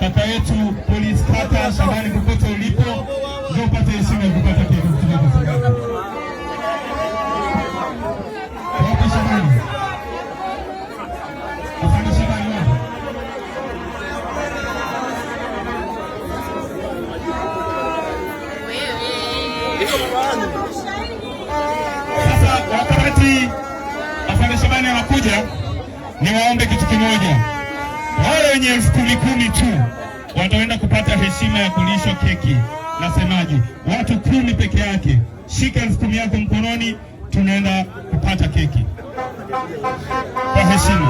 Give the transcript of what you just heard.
kaka yetu polisi kata Shabani, popote ulipo, ndio upate heshima ya kupata kitu kutoka kwa serikali. Sasa wakati afande Shabani anakuja, niwaombe kitu kimoja wenye elfu kumi kumi tu wataenda kupata heshima ya kulishwa keki. Nasemaje? watu kumi peke yake. Shika elfu kumi yako mkononi, tunaenda kupata keki kwa heshima.